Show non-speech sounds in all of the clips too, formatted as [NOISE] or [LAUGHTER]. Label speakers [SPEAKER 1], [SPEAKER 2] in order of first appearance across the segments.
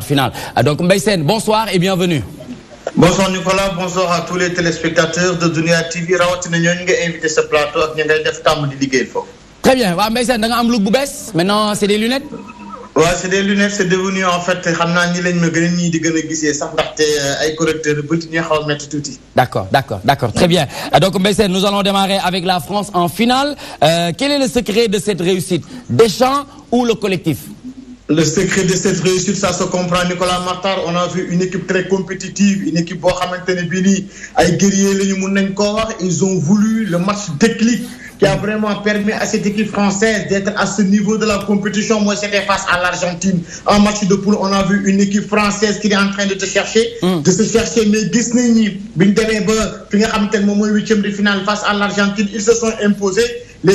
[SPEAKER 1] Finale. Ah, donc Mbaïsen, bonsoir et bienvenue. Bonsoir Nicolas, bonsoir à tous les téléspectateurs de Dunia TV. Nous avons invité ce plateau ak def di
[SPEAKER 2] Très bien, Wa da nga am look maintenant c'est des lunettes.
[SPEAKER 1] Oui, c'est des lunettes c'est devenu en fait xamna ñi lañ ma gëna ñi di gëna euh,
[SPEAKER 2] d'accord d'accord d'accord très bien ah, donc Mbaye nous allons démarrer avec la France en finale euh, quel est le secret de cette réussite Deschamps ou le collectif le secret de
[SPEAKER 1] cette réussite ça se comprend Nicolas Matar, on a vu une équipe très compétitive une équipe où Hamilton et bii ay ils ont voulu le match déclic qui a vraiment permis à cette équipe française d'être à ce niveau de la compétition moi j'étais face à l'Argentine en match de poule on a vu une équipe française qui est en train de te chercher mm. de se chercher mais Disney, nañ ni à ñu ba de finale face à l'Argentine ils se sont imposés tu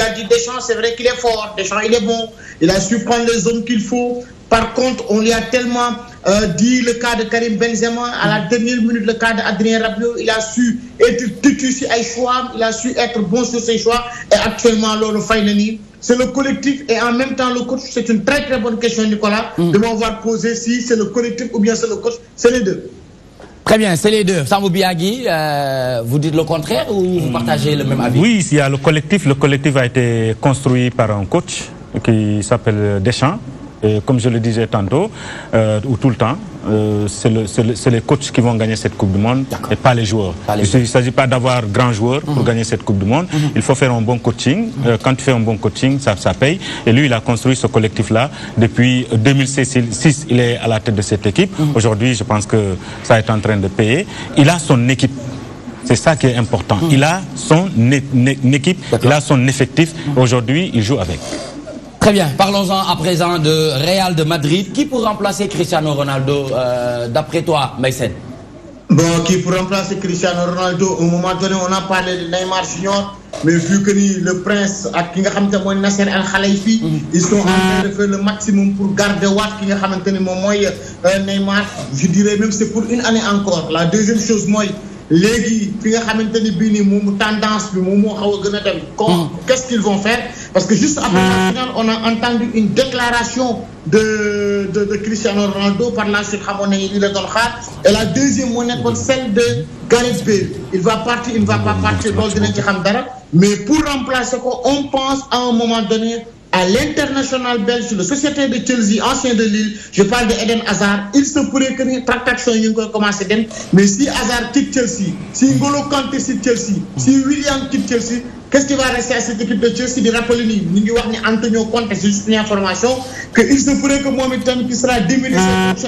[SPEAKER 1] as dit Deschamps c'est vrai qu'il est fort Deschamps il est bon il a su prendre les hommes qu'il faut par contre on lui a tellement euh, dit le cas de Karim Benzema à la dernière minute le cas d'Adrien Adrien Rabiot il a su être choix il a su être bon sur ses choix et actuellement alors fay na c'est le collectif et en même temps le coach c'est une très très bonne question Nicolas. Mm. de voir poser si c'est le collectif ou bien c'est le coach c'est les deux.
[SPEAKER 2] Très bien, c'est les deux. Sambou euh, vous dites le contraire ou vous partagez le même avis
[SPEAKER 3] Oui, il y a le collectif. Le collectif a été construit par un coach qui s'appelle Deschamps comme je le disais tantôt, euh, ou tout le temps, euh, c'est les coachs qui vont gagner cette Coupe du Monde et pas les joueurs. Il ne s'agit pas d'avoir grands joueur pour mhm. gagner cette Coupe du Monde. Mhm. Il faut faire un bon coaching. Euh, mhm. quand tu fais un bon coaching, ça, ça paye. Et lui, il a construit ce collectif-là. Depuis 2006, il est à la tête de cette équipe. Aujourd'hui, je pense que ça est en train de payer. Il a son équipe. C'est ça qui est important. Il a son équipe, il a son effectif. Aujourd'hui, il joue avec.
[SPEAKER 2] Très bien, parlons-en à présent de Real de Madrid. Qui pour remplacer Cristiano Ronaldo, euh, d'après toi, Maïsen
[SPEAKER 1] Bon, qui pour remplacer Cristiano Ronaldo, au moment donné, on a parlé de Neymar Junior, mais vu que le prince et Nasser Al Khalifi, mhm. ils sont en train de faire le maximum pour garder Watt, qui euh, Neymar, je dirais même que c'est pour une année encore. La deuxième chose, moi, les qui ont tendance, mhm. qu'est-ce qu'ils vont faire parce que juste après la finale, on a entendu une déclaration de, de, de Cristiano Ronaldo parlant sur de et Et la deuxième monnaie, c'est celle de Gareth Bale. Il va partir, il ne va pas partir, mais pour remplacer quoi, on pense à un moment donné à l'international belge, le société de Chelsea, ancien de l'île, je parle de Eden Hazard, il se pourrait que les tractations ont commencé, mais si Hazard quitte Chelsea, si Ngolo Kante quitte Chelsea, si William quitte Chelsea, Qu'est-ce qui va rester à cette équipe de Chelsea de rappeler Nous Ni Antonio Conte, c'est juste une information, qu'il se pourrait que Mohamed Tam qui sera diminué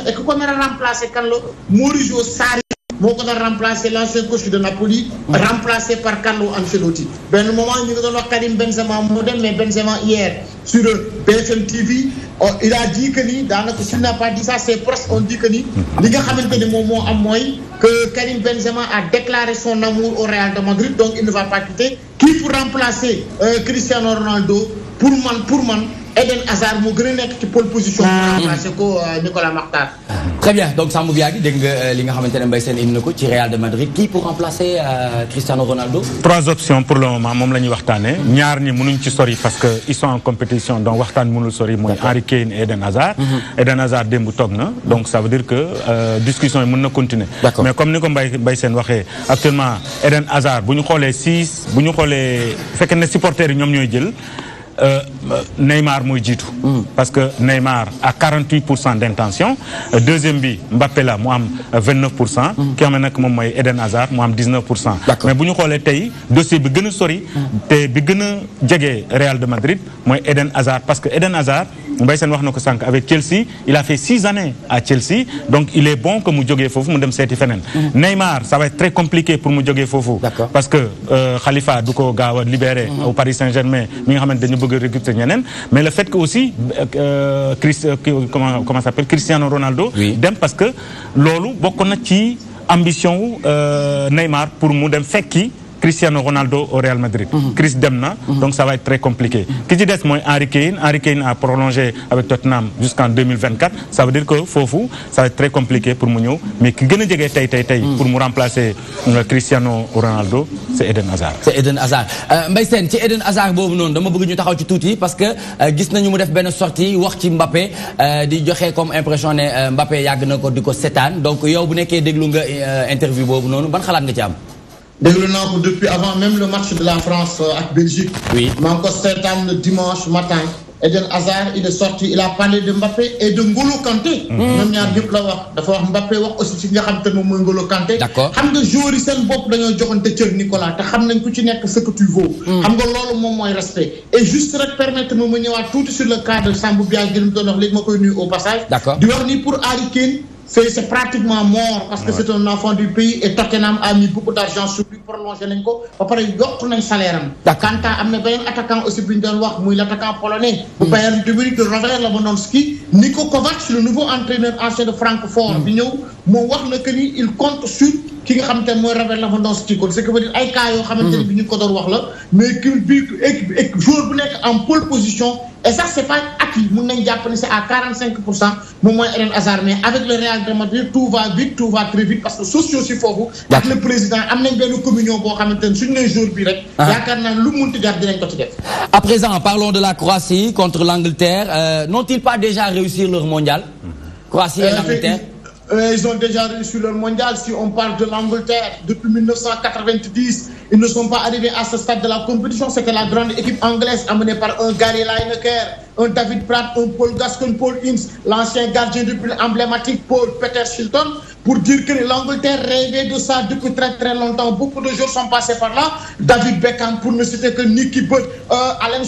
[SPEAKER 1] et que qu'on a remplacé Carlo Mauricio Sarri. on on remplacer remplacé l'ancien coach de Napoli. remplacé par Carlo Ancelotti. le moment où nous avons Karim Benzema mo mais Benzema hier sur BFM TV oh, il a dit que ni où s'il n'a pas dit ça ses proches ont dit que ni. li nga xamante mo am que Karim Benzema a déclaré son amour au Real de Madrid donc il ne va pas quitter. Qui pour remplacer euh, Cristiano Ronaldo pour man pour man Eden Hazard mo gëna nek ci pole
[SPEAKER 2] position. pour remplacer ko Nicolas Makhtar. très bien donc ça Biagui dégg nga euh, li nga xamante ne Mbaye Sène indi ko ci Real de Madrid qui pour remplacer euh, Cristiano Ronaldo.
[SPEAKER 3] trois options pour le moment mom lañuy ñuy ñaar ñi mënuñ ci sori parce que ils sont en compétition donc waxtane mënul sori moy Harry Kane et Eden Hazard. Mhm. Eden Hazard dembu tok na donc ça veut dire que euh, discussion yi mën na continuer. mais comme ni ko Mbaye Mbaye Sène actuellement Eden Hazard buñu xolé 6 six xolé fekk na supporters ñom ñoy jël. Euh, euh, Neymar mooy tout hmm. parce que Neymar a 48 d'intention euh, deuxième bi Mbappé là Moi, am 29 qui hmm. Eden Hazard moi, am 19 mais buñu xolé tay dossier bi gëna sori. Hmm. te bi gëna Real de Madrid moy Eden Hazard parce que Eden Hazard. Mbaye Sène wax nako sank avec Chelsea il a fait six années à Chelsea donc il est bon que mu jogué fofu mu dem séti fenen mhm. Neymar ça va être très compliqué pour mu jogué fofu parce que euh, Khalifa du ko gaaw libéré. Mhm. au Paris Saint-Germain mi nga xamante dañu bëgg a recruter mais le fait que aussi euh, Chris euh, comment comment s'appelle Cristiano Ronaldo. dem parce que lolu bokk na ci ambition euh, Neymar pour mu dem fekki. Cristiano Ronaldo au Real Madrid. Mhm. Chris Demna, mhm. donc ça va être très compliqué. Qui dit moins Harry Kane, Harry Kane a prolongé avec Tottenham jusqu'en 2024, ça veut dire que Fofu, ça va être très compliqué pour nous. mais qui gagne des tay pour me remplacer euh, Cristiano Ronaldo, c'est Eden Hazard. C'est Eden Hazard. Euh,
[SPEAKER 2] mais c'est Eden Hazard Je non dama bëgg ñu taxaw ci touti parce que euh, gis nañu mu def sortie wax ci Mbappé di joxe comme impression Que Mbappé yag na ko diko sétane. Donc yow bu nekké déglu nga interview bobu non ban xalaat
[SPEAKER 1] déglu naa ko depuis avant même le match de la France euh, ak Belgique. oui maa ngi ko seetaan le dimanche matin. Eden Hazard il est sorti il a parlé de Mbappé et de Ngolo Kanté. Mhm. ñoom ñaar ñëpp la wax dafa wax Mbappé wax aussi ci nga xam te moom mooy Ngolo Kanté. d'accord xam nga joueur yi seen bopp dañoo joxante cër Nicolas te xam nañ ku ci nekk ce que tu vaux. Mhm. xam nga loolu moom mooy respect. et juste rek permettre ma ma ñëwaat tuuti sur le cas de Sambou Biage gi mu doon wax léegi ma koy nuyu au passage. d'accord di wax ni pour Harry Kane c'est pratiquement mort parce que ah c'est un enfant du pays et Tottenham a mis beaucoup d'argent sur lui pour nañ Après, il a eu un salaire Quand quant a attaquant aussi il y a un polonais hmm. de Niko Kovac le nouveau entraîneur ancien de Francfort hmm. il compte sur dire cas hmm. en pole position et ça, c'est pas acquis. Nous c'est à 45% le moins Eren Hazard. Mais avec le Real de Madrid, tout va vite, tout va très vite. Parce que
[SPEAKER 2] sociaux, si faut vous, avec le président, bien une communion pour Hamilton sur les jours directs. Il y a le monde garder À présent, parlons de la Croatie contre l'Angleterre. Euh, n'ont-ils pas déjà réussi leur mondial Croatie et euh, l'Angleterre
[SPEAKER 1] euh, ils ont déjà réussi leur mondial. Si on parle de l'Angleterre depuis 1990, ils ne sont pas arrivés à ce stade de la compétition. C'est que la grande équipe anglaise, amenée par un Gary Lineker, un David Pratt, un Paul Gascon, Paul Ince, l'ancien gardien du but emblématique Paul Peter Shilton, pour dire que l'Angleterre rêvait de ça depuis très très longtemps. Beaucoup de jours sont passés par là. David Beckham, pour ne citer que Nicky Butt, euh, Alain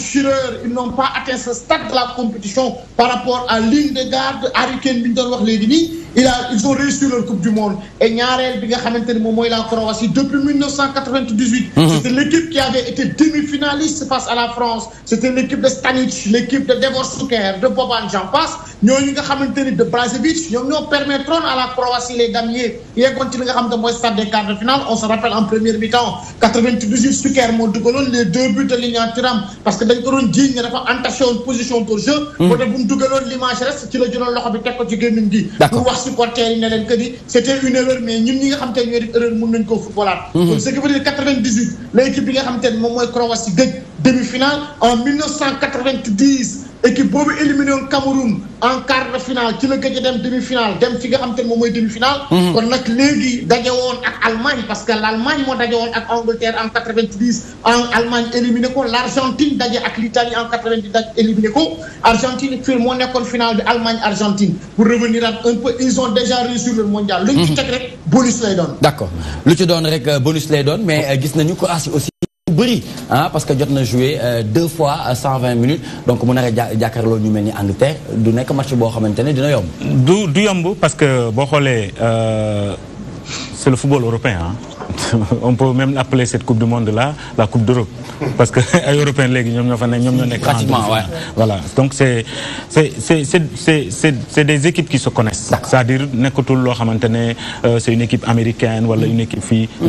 [SPEAKER 1] ils n'ont pas atteint ce stade de la compétition par rapport à l'une de garde, Harry Kane, il ils ont réussi leur Coupe du Monde. Et Nyarel, la Croatie, depuis 1998, 2018. Mhm. C'était l'équipe qui avait été demi-finaliste face à la France. C'était l'équipe de Stanic, l'équipe de Devor Souker, de Boban, j'en passe. Nous avons de Brazevic, nous nous permettrons à la Croatie les gagner. Il y à un stade des quarts de finale. On se rappelle en première mi-temps, 98 Souker, Montoukolon, les deux buts de l'Union Tiram. Parce que il Digne n'a pas entaché une position pour jeu. Pour mhm. Montoukolon, l'image reste, tu le dis dans le côté de Guémundi. Pour voir supporter, c'était une erreur, mais nous, nous avons une erreur, mhm. de avons Ce qui veut dire 98 18 l'équipe qui a nga xamante ne moom mooy demi-finale en 1990 équipe boobu éliminé woon Cameroun en quart de finale ci la gëj a dem demi finale dem fi nga xam te ne moom mooy demi finale. Mhm. kon nag léegi daje woon ak Allemagne parce que l' Allemagne moo daje woon ak Angleterre en quatre vingt dix en Allemagne éliminé ko l' Argentine daje ak l' Italie en quatre vingt dix éliminé ko Argentine fii moo nekkoon finale bi Allemagne Argentine pour revenir ak un peu ils ont déjà réussi le mondial. luñ ci mhm. teg rek bonus lay
[SPEAKER 2] doon. d' accord lu ci doon rek bonus lay doon mais euh, gis nañu ko ah, aussi. Ah, parce que jot joué jouer euh, deux fois à 120 minutes donc mon nara jakarlo ñu melni Angleterre du nek
[SPEAKER 3] match bo xamantene dina yomb du du yomb parce que bo xolé euh c'est le football européen hein. [LAUGHS] on peut même appeler cette coupe du monde là la coupe d'Europe parce que [LAUGHS] ay européens voilà donc c'est des équipes qui se connaissent. c'est-à-dire euh, c'est une équipe américaine wala une équipe fille mm.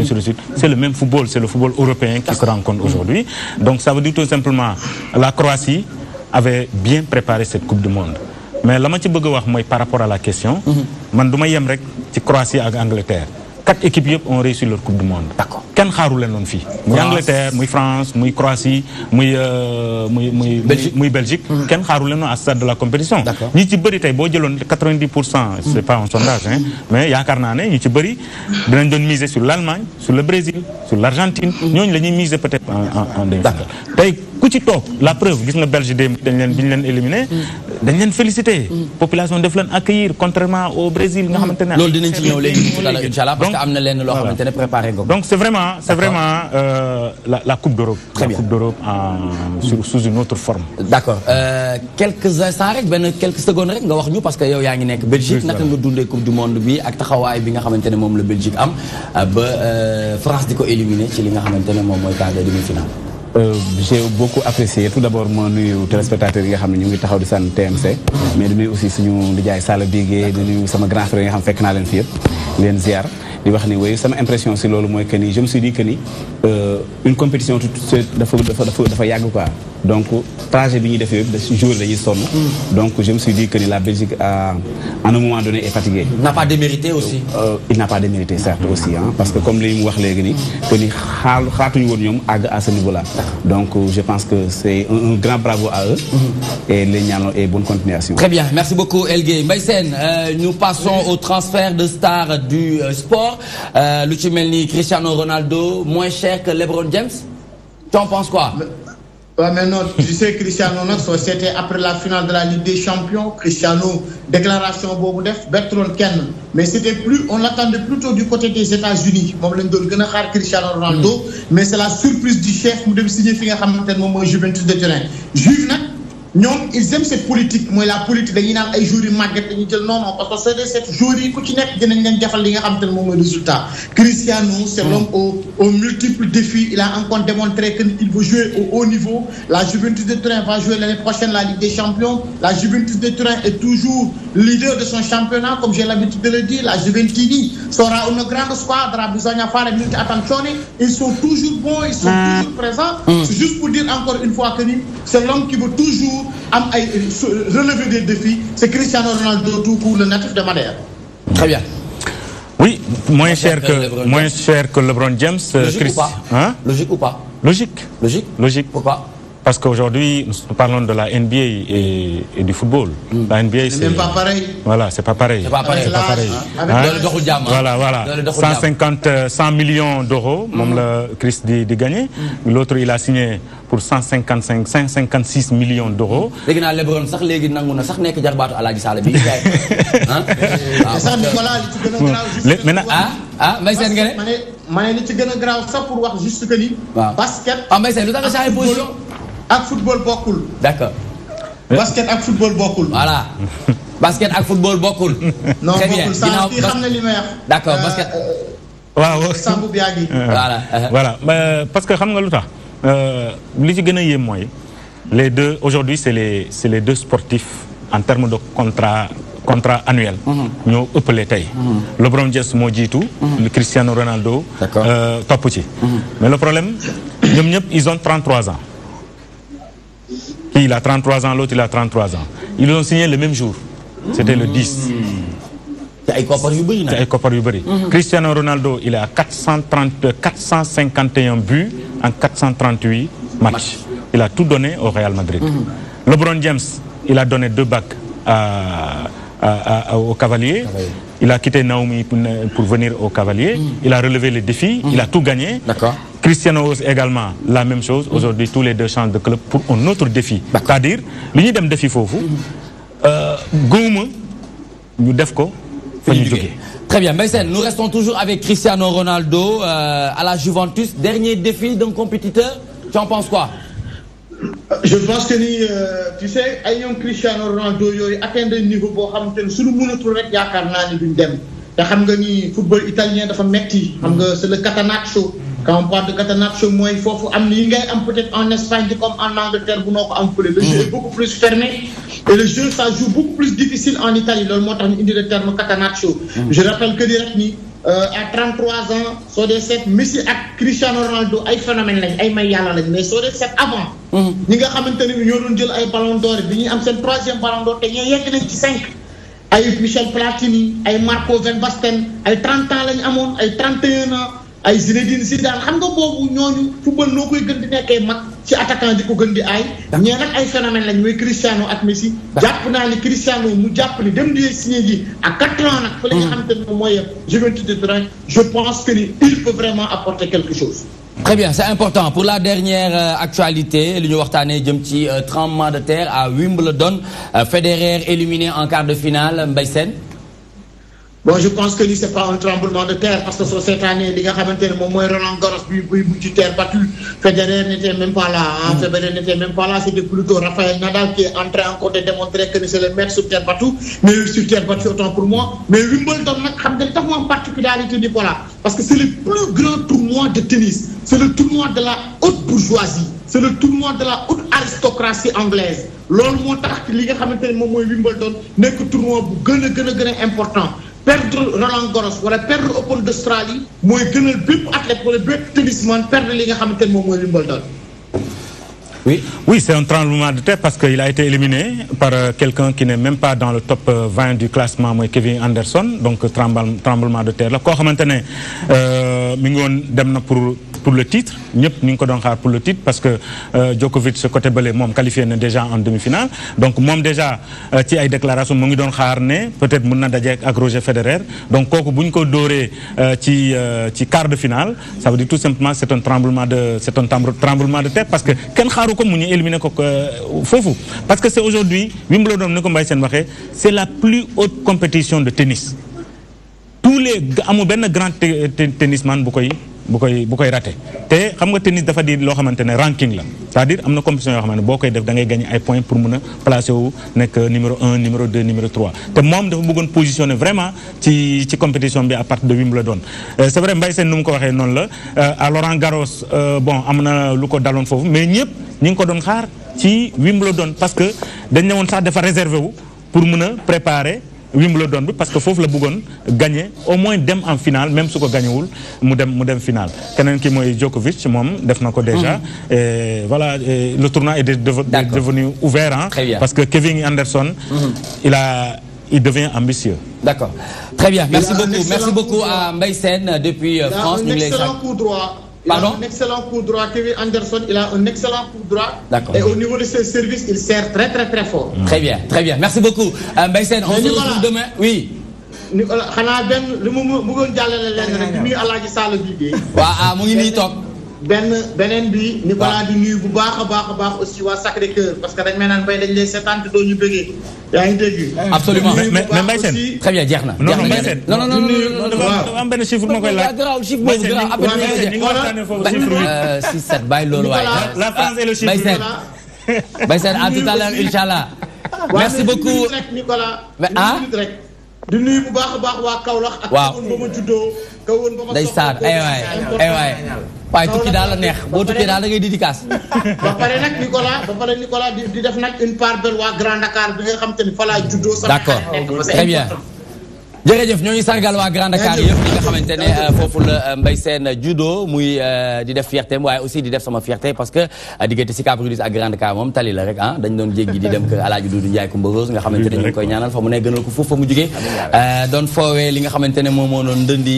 [SPEAKER 3] c'est le même football c'est le football européen qui se rencontre mm. aujourd'hui donc ça veut dire tout simplement la Croatie avait bien préparé cette coupe du monde. mais la ma ci par rapport à la question. Je mm-hmm. du ma yem Croatie avec Angleterre quatre équipes yep ont réussi leur coupe du monde. d'accord ken xaru len non fi Angleterre muy France muy Croatie muy euh, muy muy. Belgique ken xaru roulé non à stade de la compétition. d'accord ci bëri tay bo 90%. Ce c'est pas un sondage hein mais il a ne ñu ci bëri dinañ doon miser sur l'Allemagne sur le Brésil sur l'Argentine. Il mm. la misé miser peut-être en en ku ci la preuve gis nga Belge de dañ leen bi ñu leen éliminé. dañ félicité. Mm. population def leen accueillir contrairement au Brésil nga xamante ne. loolu dinañ ci ñëw léegi
[SPEAKER 2] incha parce que am na lenn loo préparé donc c'est
[SPEAKER 3] vraiment c'est vraiment euh, la coupe d'Europe, très bien la coupe d'Europe en sous une autre forme. D'accord. Euh, quelques instants rek ben quelques
[SPEAKER 2] secondes rek nga wax ñu parce que yow yaa ngi nekk Belgique naka nga dundee coupe du monde bi ak taxawaay bi nga xamante ne moom la Belgique am euh, ba France di ko éliminé ci li nga xamante ne moom mooy quart de
[SPEAKER 3] Euh, j'ai beaucoup apprécié tout d'abord ma nuyu téléspectateurs yi nga xam ne ñu ngi taxaw di saan TMC mais di aussi suñu lijaay Sala Bigué di nuyu sama grand frère yi nga xam fekk naa leen fi yëpp leen ziar di wax ni waaye sama impression si loolu mooy que ni je me suis dit que ni euh, une compétition dafa dafa dafa dafa yàgg quoi donc trajet de hmm. donc je me suis dit que la Belgique à euh, un moment donné est fatiguée. Il n'a pas démérité aussi. Euh, il n'a pas démérité certes hmm. aussi hein, parce que comme les wax léegi ni hmm. ni à ce niveau là. donc je pense que c'est un grand bravo à eux. et les et bonne continuation. très bien
[SPEAKER 2] merci beaucoup Elgué Mbaye euh, nous passons au transfert de stars du sport le Cristiano Ronaldo moins cher que LeBron James Tu en penses quoi. Ouais, mais non, tu sais, Cristiano, c'était après la finale de la Ligue des Champions.
[SPEAKER 1] Cristiano, déclaration au Def, Bertrand Ken. Mais c'était plus, on l'attendait plutôt du côté des États-Unis. Cristiano Ronaldo, hmm. mais c'est la surprise du chef, nous devons signer Finger Hamilton, Juventus de terrain. Juve, ils aiment cette politique moi la politique dañuy naan ay jours yu màgget dañuy jël non non parce que c'est sept jours yi ku ci nekk dinañ leen defal li nga xam résultat. Cristiano c'est l'homme aux aux multiples défis il a encore démontré qu'il veut jouer au haut niveau la Juventus de Turin va jouer l'année prochaine la Ligue des Champions la Juventus de Turin est toujours leader de son championnat comme j'ai l'habitude de le dire la Juventus sera une grande squadra bisogna fare molte attention ils sont toujours bons ils sont mm. toujours présents. Mm. c'est juste pour dire encore une fois que c'est l'homme qui veut toujours. Euh, relever des défis c'est Cristiano Ronaldo tout pour le natif de Madère.
[SPEAKER 3] très bien. oui moins cher que moins cher que LeBron James. Euh, hein? logique ou pas logique logique. logique. pourquoi. Parce qu'aujourd'hui, nous parlons de la NBA et, et du football. Mm. La NBA, c'est. même pas pareil. Voilà, c'est pas pareil. C'est pas pareil. pas pareil. Hein? hein? Le voilà, voilà. Le 150, 100 euh, millions d'euros, même hmm. le Chris de, de gagner. Hmm. L'autre, il a signé pour 155, 156 millions d'euros.
[SPEAKER 2] Hmm. léegi [LAUGHS] hein? ah, ah
[SPEAKER 1] mais Mbaye Sène nga ne. Mais ne li ci gën a garaaw pour wax juste que ni. waaw basket. waaw ah, Mais Sène lu tax nga changé position
[SPEAKER 2] ak football beaucoup. d'accord. basket ak football beaucoup. voilà
[SPEAKER 3] [LAUGHS] basket ak football beaucoup. [LAUGHS] non beaucoup. Ça fi
[SPEAKER 1] xam wax.
[SPEAKER 2] d'accord euh,
[SPEAKER 3] basket. Euh, waaw euh, Sambou Biagi. [LAUGHS] voilà voilà uh-huh. bah, parce que xam nga le euh li ci les deux aujourd'hui c'est les deux sportifs en termes de contrat. contrat annuel. Mm-hmm. ñoo les tey. Mm-hmm. LeBron James jitu Le mm-hmm. Cristiano Ronaldo. top ci. mais le problème ils ont 33 ans il a 33 ans, l'autre il a 33 ans. Ils ont signé le même jour. C'était le 10. Mm-hmm. Cristiano Ronaldo, il a 430, 451 euh, buts en 438 matchs. Il a tout donné au Real Madrid. Mm-hmm. LeBron James, il a donné deux bacs au Cavalier. Il a quitté Naomi pour, venir au Cavalier. Mm. Il a relevé les défis. Mm. Il a tout gagné. D'accord. Cristiano Rose également la même chose. Aujourd'hui, tous les deux changent de club pour un autre défi. C'est-à-dire, l'Union un défi vous vous, nous devons
[SPEAKER 2] Très bien, Maïsen, nous restons toujours avec Cristiano Ronaldo euh, à la Juventus. Dernier défi d'un compétiteur, tu en penses quoi je pense que nous, euh, tu sais ayant Cristiano Ronaldo à un
[SPEAKER 1] niveau boo xamante nous suñu mënatul rek yaakaar Il ni duñ dem te xam nga ni football italien dafa metti c'est le catanaccio quand on parle de Catanapso, moi, il faut, faut amener peut-être en Espagne comme en Angleterre, vous n'avez pas Le jeu est mm. beaucoup plus fermé et le jeu, ça joue beaucoup plus difficile en Italie. Le mot le terme mm. Je rappelle que directement, euh, à 33 ans, sur les 7, Messi et Cristiano Ronaldo, ils phénomènes, un sont mais sur les 7 avant. Nous avons un ballon d'or, nous avons un troisième ballon d'or, Il a un 5. Michel Platini, Marco Van Basten, 30 ans, il a 31 ans ay Zinedine Zidane xam nga boobu ñooñu football noo koy gën di nekkee mag ci attaquant di ko gën di aay. ñee nag ay phénomène lañ mooy Cristiano ak Messi. jàpp naa ni Cristiano mu jàpp ni dem di signé ji ak quatre ans nag. fa la hmm. xam te ne moom mooy Juventus de Turin je
[SPEAKER 2] pense que ni il peut vraiment apporter quelque chose. très bien c'est important pour la dernière euh, actualité li ñu waxtaanee jëm ci euh, tremblement de terre à Wimbledon euh, Federer éliminé en quart de finale Mbaye sen
[SPEAKER 1] bon je pense que ce c'est pas un tremblement de terre parce que sur cette li nga xamantene mom moy Roland Garros bi bu terre battue Federer n'était même pas là hein, mm. Federer n'était même pas là c'était plutôt Rafael Nadal qui est entré en compte et démontré démontrer que c'est le maître sur terre battue mais sur terre battue autant pour moi mais Wimbledon nak xam nga une particularité ni voilà parce que c'est le plus grand tournoi de tennis c'est le tournoi de la haute bourgeoisie c'est le tournoi de la haute aristocratie anglaise L'homme motax les li nga xamantene mom moy où Wimbledon que tournoi bu gagne-gagne important perdre Roland Garros wala perdre Open d'Australie mooy gënal bépp athlète wala bépp tennisman perdre li nga xamante moom mooy Wimbledon.
[SPEAKER 3] Oui, oui c'est un tremblement de terre parce qu'il a été éliminé par euh, quelqu'un qui n'est même pas dans le top 20 euh, du classement, Kevin Anderson. Donc, tremblement de terre. Là, quoi, maintenant, euh, pour pour le titre pour le titre parce que euh, Djokovic ce côté bële mom qualifié déjà en demi-finale donc moi déjà euh, ci ay déclaration mo ngi don xaar peut-être mën na dajé ak Roger Federer donc si je ko doré euh, ci ci quart de finale ça veut dire tout simplement c'est un tremblement de c'est un tremblement de terre parce que Ken xaru ko mu ñu éliminer ko fofu parce que c'est aujourd'hui Wimbledon ko c'est la plus haute compétition de tennis tous les grands Ben grand tennisman bu koy bu koy bu koy raté te xam nga tennis dafa di loo xamante ne ranking la c'est-à-dire am na compétition yoo xam ne boo koy def da ngay gagné ay points pour mun a placé wu nekk numéro un numéro bi à partir de Wimbledon euh, c' est vrai Mbaye Sène nu mu ko waxee noonu la euh, à Laurent euh, bon am na lu ko daloon foofu mais ñëpp ñu ngi ko doon xaar ci Wimbledon parce que dañ ne woon sax dafa réservé wu pour mun a préparer. Wimbledon parce que foofu la Bougon gagner au moins dem en finale même s'il ko gagnewul mu dem mu dem finale kenen ki moy Djokovic mom def nako déjà mm. voilà le tournoi est devenu ouvert hein parce que Kevin Anderson mm-hmm. il a devient ambitieux d'accord très bien merci beaucoup merci
[SPEAKER 2] beaucoup à Mbaye depuis euh, France un excellent
[SPEAKER 1] coup il a un excellent coup droit, Kevin Anderson, il a un excellent coup droit. Et au niveau de ses services, il sert très très très fort. Mm. Très
[SPEAKER 2] bien, très bien. Merci beaucoup. Euh,
[SPEAKER 1] on se retrouve demain. Oui. Euh, benn beneen bi. Nicolas di nuyu bu baax a baax a baax aussi waa Sacré Cœur parce que dañ may naan bay dañ lay seetaan te doo ñu bëggee.
[SPEAKER 2] yaa ngi dégg. Eh, absolument mais mais Mbaye Sène. très bien jeex na. non non Mbaye Sène. non non non non dafa am
[SPEAKER 3] benn chiffre ma koy laaj. Mbaye Sène ñu ngi waxtaanee foofu chiffre bi. 6 euh,
[SPEAKER 2] 7 bàyyi loolu waaye. la France et le chiffre Mbaye Sène. Mbaye Sène à tout à l'heure inchallah.
[SPEAKER 1] merci beaucoup.
[SPEAKER 2] ah. di nuyu bu baax baax wa kaolax ak wa ba ma juddo ka won ba ma day sar ay way ay way pay tukki da la neex bo tukki da la ngay dédicace ba
[SPEAKER 1] paré nak nicolas ba paré nicolas di def nak une part belle wa grand dakar bi nga xam tane fala juddo sa d'accord eh, très bien eh,
[SPEAKER 2] jërëjëf ñoo ngi sargal waa grande kaar yëpp li nga xamante eh, ne foofu la eh, mbay um, eh, judo muy di def fierté waaye aussi di def sama fierté parce que diggante si kaabu ak grande kaar moom tali la rek ah dañ doon jéggi di dem kër alaaju dudu njaay kumba rose nga xamante ne ñu koy ñaanal fa mu ne gënal ko fu fa mu jugee doon foowee li nga xamante ne moom moo doon